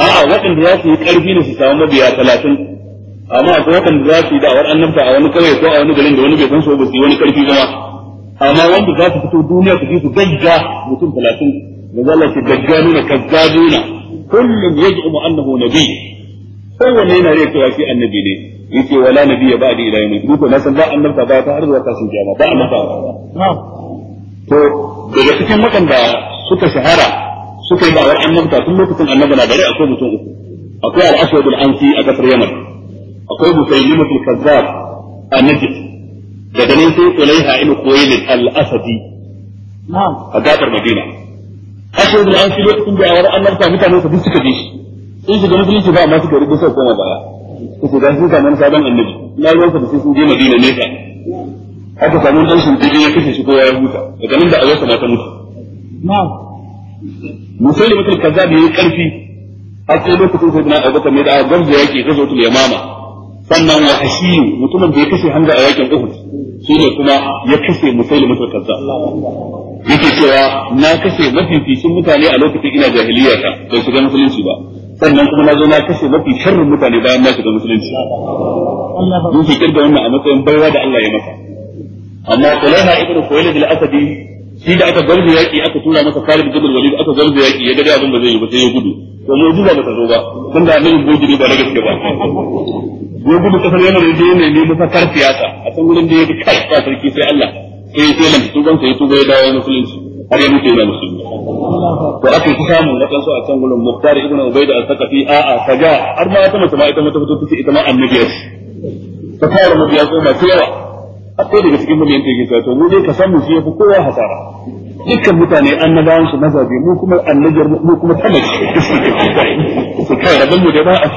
a'a waɗanda za su yi ƙarfi ne su samu mabiya talatin amma akwai waɗanda za su yi da'awar annabta a wani kauye ko a wani garin da wani bai san su ba su yi wani karfi ba amma wanda za su fito duniya su ji su gagga mutum talatin da zalla su gagganuna kazzabuna kullum yaj'umu annahu nabi kowanne yana rai cewa shi annabi ne yace wala nabiyya ba'di ila yawmi duk na san ba annabta ba ta har zuwa kasin kiyama ba annabta ba to daga cikin waɗanda suka shahara suka yi da awar annabta tun lokacin annabi na dare akwai mutum uku akwai al-aswad al-ansi a kasar yaman akwai musaylimatul kazzab a najis daga nan sai ulaiha ibn koyi al-asadi a gabar madina ashe da an shirye cikin da'awar annabi ta mutane su suka bi shi sun shiga musulunci ba amma suka rubuta sai koma baya su ga sun samu sabon annabi na ruwan sa da sun je madina nesa aka samu dan shi ya kashe shi ko ya huta daga da ayyuka ta mutu Musulunci musaylimatul kazzab yi karfi har sai lokacin sai na abubakar ne da gamza yake gazo yamama sannan wa hashiyu mutumin da ya kashe hanga a yakin uhud shine kuma ya kashe musailima ta kaza yake cewa na kashe mafificin mutane a lokacin ina jahiliya ta bai shiga musulunci ba sannan kuma na zo na kashe mafi sharrin mutane bayan na shiga musulunci mun ke kirga wannan a matsayin baiwa da Allah ya masa amma Sulaiman ibn Khuwaylid al-Asadi shi da aka garbe yaki aka tura masa Khalid ibn Walid aka garbe yaki ya ga abin ba zai yi ba sai ya gudu to mu jiza ba ta zo ba tunda annabi goji ne ba na gaske ba ya gudu kasar yanar ya je ne ne mafakar siyasa a can wurin da ya bi kai ba sarki sai Allah sai ya lanta tuban sai ya tuba ya dawo musulunci har ya mutu ya musulmi to aka yi samu na kansu a can gurin Muktar ibn ubaid al-Thaqafi a a kaga har ma ta mace ita mata fito take ita ma annabiyar ta fara mabiya ko ba yawa akwai daga cikin mu ne yake to mu dai ka san mu shi yafi kowa hasara dukkan mutane annabawan su mazaje mu kuma annajar mu kuma talaka su kai rabon mu da ba a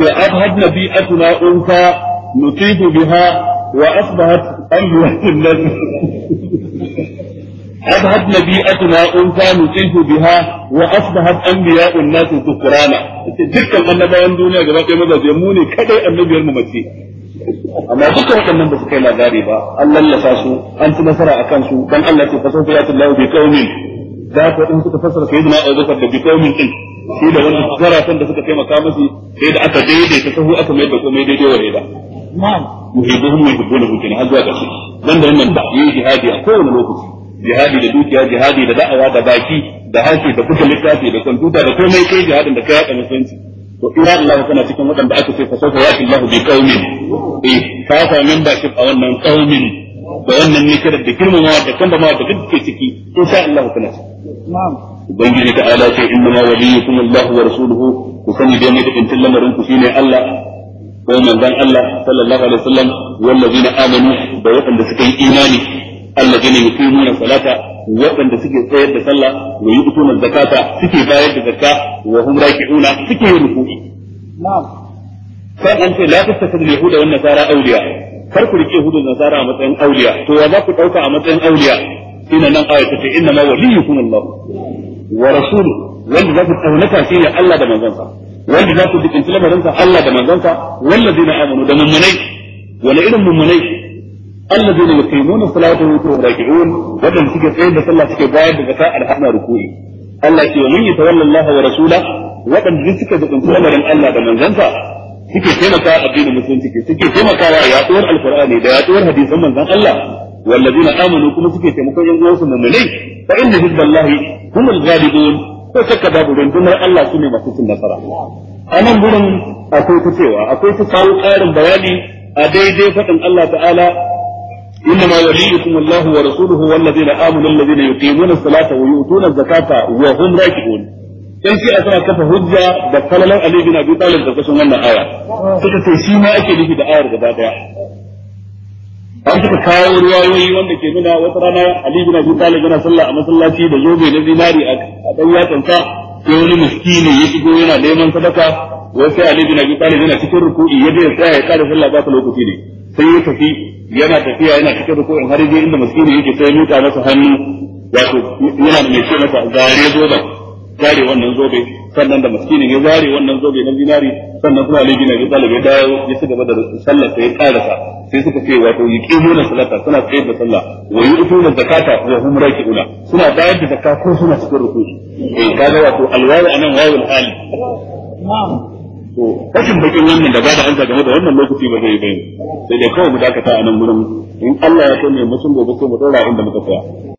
sai abhad nabi atuna unsa nutibu biha wa asbahat amwat an-nas أبهت نبيئتنا أنثى نصيب بها وأصبحت أنبياء الناس ذكرانا تلك الأنبياء الدنيا جماعة ماذا يموني كذا النبي mace. amma dukkan waɗannan ba su kai labari ba an lallasa su an ci nasara a kansu dan Allah ke fasar da yatin lahu bi qaumin da ka din suka fasara kai da Abu Bakar da bi qaumin din shi da wannan zaratan da suka taimaka masa sai da aka daidaita sahu aka mai da komai daidai wa daida na'am muhibbuhum wa yuhibbunahu kin har zuwa ƙarshe dan da wannan da yi jihadi a kowane lokaci jihadi da dukiya jihadi da da'awa da baki da harshe da kuka littafi da kwamfuta da komai kai jihadin da kai ya musulunci to ina Allah kana cikin waɗanda aka ce fasofa ya Allah bi qaumin eh ka fa membership a wannan qaumin da wannan nikirar da girmamawa da kan da ma da duk ciki insha Allah kana ciki na'am ubangiji ta ala ce inna ma waliyukum Allah wa rasuluhu ku sani dai mai da tintin lamarin shine Allah ko manzon Allah sallallahu alaihi wasallam wallazina da waɗanda suka yi imani alladheena yuqimuna waɗanda suke tsayar da sallah wa yu'tuna zakata bayar da zakka wa hum raki'una suke yin ruku'i na'am sai an ce la tattakhidhu al-yahuda wan nasara kar ku rike yahudu da nasara a matsayin awliya to ya za ku dauka a matsayin awliya ina nan ayata ce inna ma waliyukum Allah wa rasuluhu wanda za ku shi ne Allah da wanda za ku Allah da da wani irin mummunai Allah yuqimuna as-salata wa yu'tuna ar-raki'un wadanda suke tsayar da sallah suke bayar da zakka alhamna ruku'i Allah ke wa man yatawalla Allah wa rasula wadanda duk suka dukunta lamarin Allah da manzansa suke taimaka addinin musulunci suke taimakawa yaduwar alqur'ani da yaduwar hadisan manzon Allah والذين امنوا كما سكي تمكن ان يوصل من ملي فان حزب الله هم الغالبون ko shakka babu rundunar Allah su ne masu cin nasara. A nan gurin akwai ta akwai ta karin ƙarin bayani a daidai faɗin Allah ta'ala إنما يحييكم الله ورسوله والذين آمنوا الذين يقيمون الصلاة ويؤتون الزكاة وهم راكعون dan sai a sama kafa hujja da falalan Ali bin Abi Talib da kasan wannan aya suka ce shi ma ake nufi da ayar gaba daya an suka kawo ruwayoyi wanda ke nuna wata rana Ali bin Abi Talib yana sallah a masallaci da zobe na zinari a dan yatsansa sai wani miskini ya shigo yana neman sadaka wai sai Ali bin Abi Talib yana cikin ruku'i ya je ya tsaya ya kare sallah ba ta lokaci ne sai ya tafi yana tafiya yana cike da koyon har je inda miskini yake sai nuka masa hannu wato yana da mai ce masa zare zobe. zare wannan zobe sannan da miskinin ya zare wannan zobe na zinari sannan kuma alaji na bi da dawo ya ci gaba da sallar sai ya karasa sai suka ce wato na salata suna tsayar da sallah wa na zakata wa hum una suna bayar da zakata ko suna cikin ruku'i eh, kaga wato alwawu anan wayul hali na'am to kashin bakin wannan da bada ansa game da wannan lokaci ba zai bai sai dai kawai mu dakata a nan gurin in Allah ya so ne mu sun gobe sai mu tsora inda muka tsaya